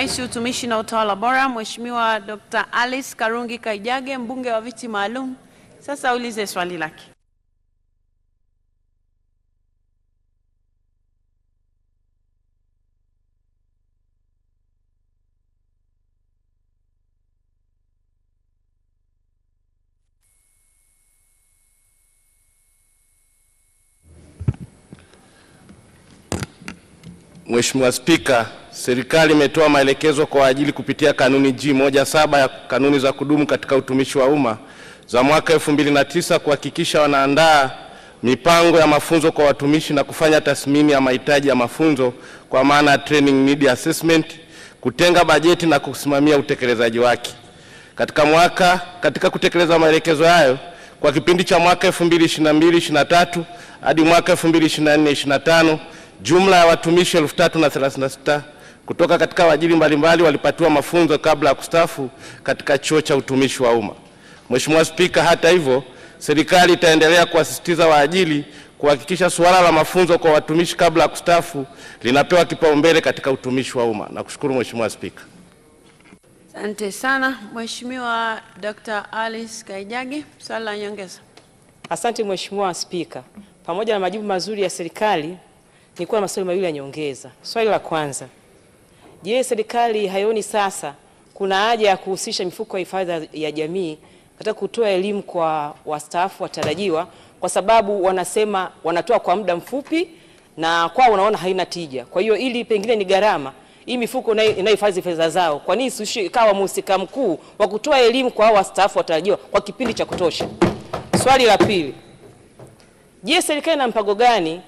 Rais utumishi na utawala bora Mheshimiwa Dr. Alice Karungi Kaijage, mbunge wa viti maalum, sasa ulize swali lake. Mheshimiwa Spika, serikali imetoa maelekezo kwa ajili kupitia kanuni G17 ya kanuni za kudumu katika utumishi wa umma za mwaka 2009 kuhakikisha wanaandaa mipango ya mafunzo kwa watumishi na kufanya tathmini ya mahitaji ya mafunzo kwa maana ya training need assessment, kutenga bajeti na kusimamia utekelezaji wake. Katika mwaka katika kutekeleza maelekezo hayo kwa kipindi cha mwaka 2022/23 hadi mwaka 2024/25 Jumla ya watumishi 3036 kutoka katika waajiri mbalimbali walipatiwa mafunzo kabla ya kustafu katika chuo cha utumishi wa umma. Mheshimiwa Spika, hata hivyo, serikali itaendelea kuwasisitiza waajiri kuhakikisha suala la mafunzo kwa watumishi kabla ya kustafu linapewa kipaumbele katika utumishi wa umma. Nakushukuru Mheshimiwa Spika. Asante sana Mheshimiwa Dr. Alice Kaijage, swali la nyongeza. Asante Mheshimiwa Spika, pamoja na majibu mazuri ya serikali Nilikuwa na maswali mawili ya nyongeza. Swali la kwanza, je, serikali haioni sasa kuna haja ya kuhusisha mifuko ya hifadhi ya jamii katika kutoa elimu kwa wastaafu watarajiwa, kwa sababu wanasema wanatoa kwa muda mfupi na kwao unaona haina tija. Kwa hiyo ili pengine ni gharama hii mifuko inayohifadhi fedha zao, kwa nini sio ikawa mhusika mkuu wa kutoa elimu kwa wastaafu watarajiwa kwa kipindi cha kutosha? Swali la pili, je, serikali ina mpango gani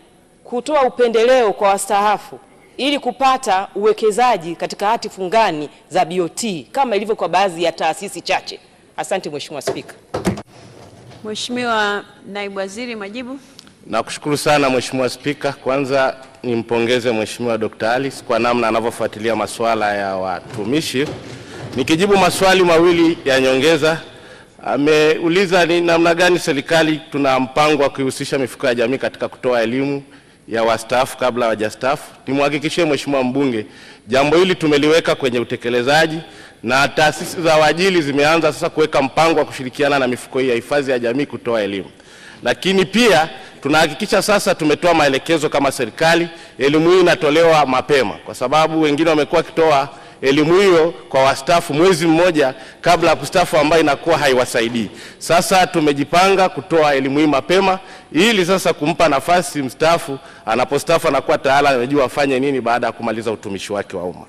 kutoa upendeleo kwa wastaafu ili kupata uwekezaji katika hati fungani za BOT kama ilivyo kwa baadhi ya taasisi chache. Asante Mheshimiwa Spika. Mheshimiwa Naibu Waziri, majibu. Nakushukuru sana Mheshimiwa Spika. Kwanza nimpongeze Mheshimiwa Dr. Alice kwa namna anavyofuatilia masuala ya watumishi. Nikijibu maswali mawili ya nyongeza, ameuliza ni namna gani serikali tuna mpango wa kuihusisha mifuko ya jamii katika kutoa elimu ya wastaafu kabla hawajastaafu. Nimhakikishie mheshimiwa mbunge, jambo hili tumeliweka kwenye utekelezaji na taasisi za waajili zimeanza sasa kuweka mpango wa kushirikiana na mifuko hii ya hifadhi ya jamii kutoa elimu, lakini pia tunahakikisha sasa tumetoa maelekezo kama serikali, elimu hii inatolewa mapema, kwa sababu wengine wamekuwa wakitoa elimu hiyo kwa wastaafu mwezi mmoja kabla ya kustaafu, ambayo inakuwa haiwasaidii. Sasa tumejipanga kutoa elimu hii mapema, ili sasa kumpa nafasi mstaafu, anapostaafu anakuwa tayari anajua afanye nini baada ya kumaliza utumishi wake wa umma.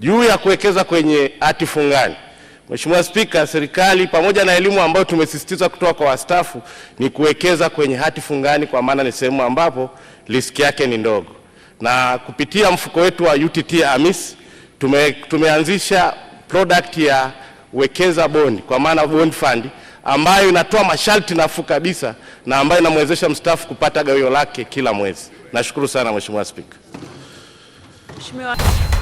Juu ya kuwekeza kwenye hati fungani, Mheshimiwa Spika, serikali pamoja na elimu ambayo tumesisitiza kutoa kwa wastaafu ni kuwekeza kwenye hati fungani, kwa maana ni sehemu ambapo riski yake ni ndogo, na kupitia mfuko wetu wa UTT AMIS tume, tumeanzisha product ya wekeza bond kwa maana bond fund ambayo inatoa masharti nafuu kabisa na ambayo inamwezesha mstaafu kupata gawio lake kila mwezi. Nashukuru sana Mheshimiwa Spika. Mheshimiwa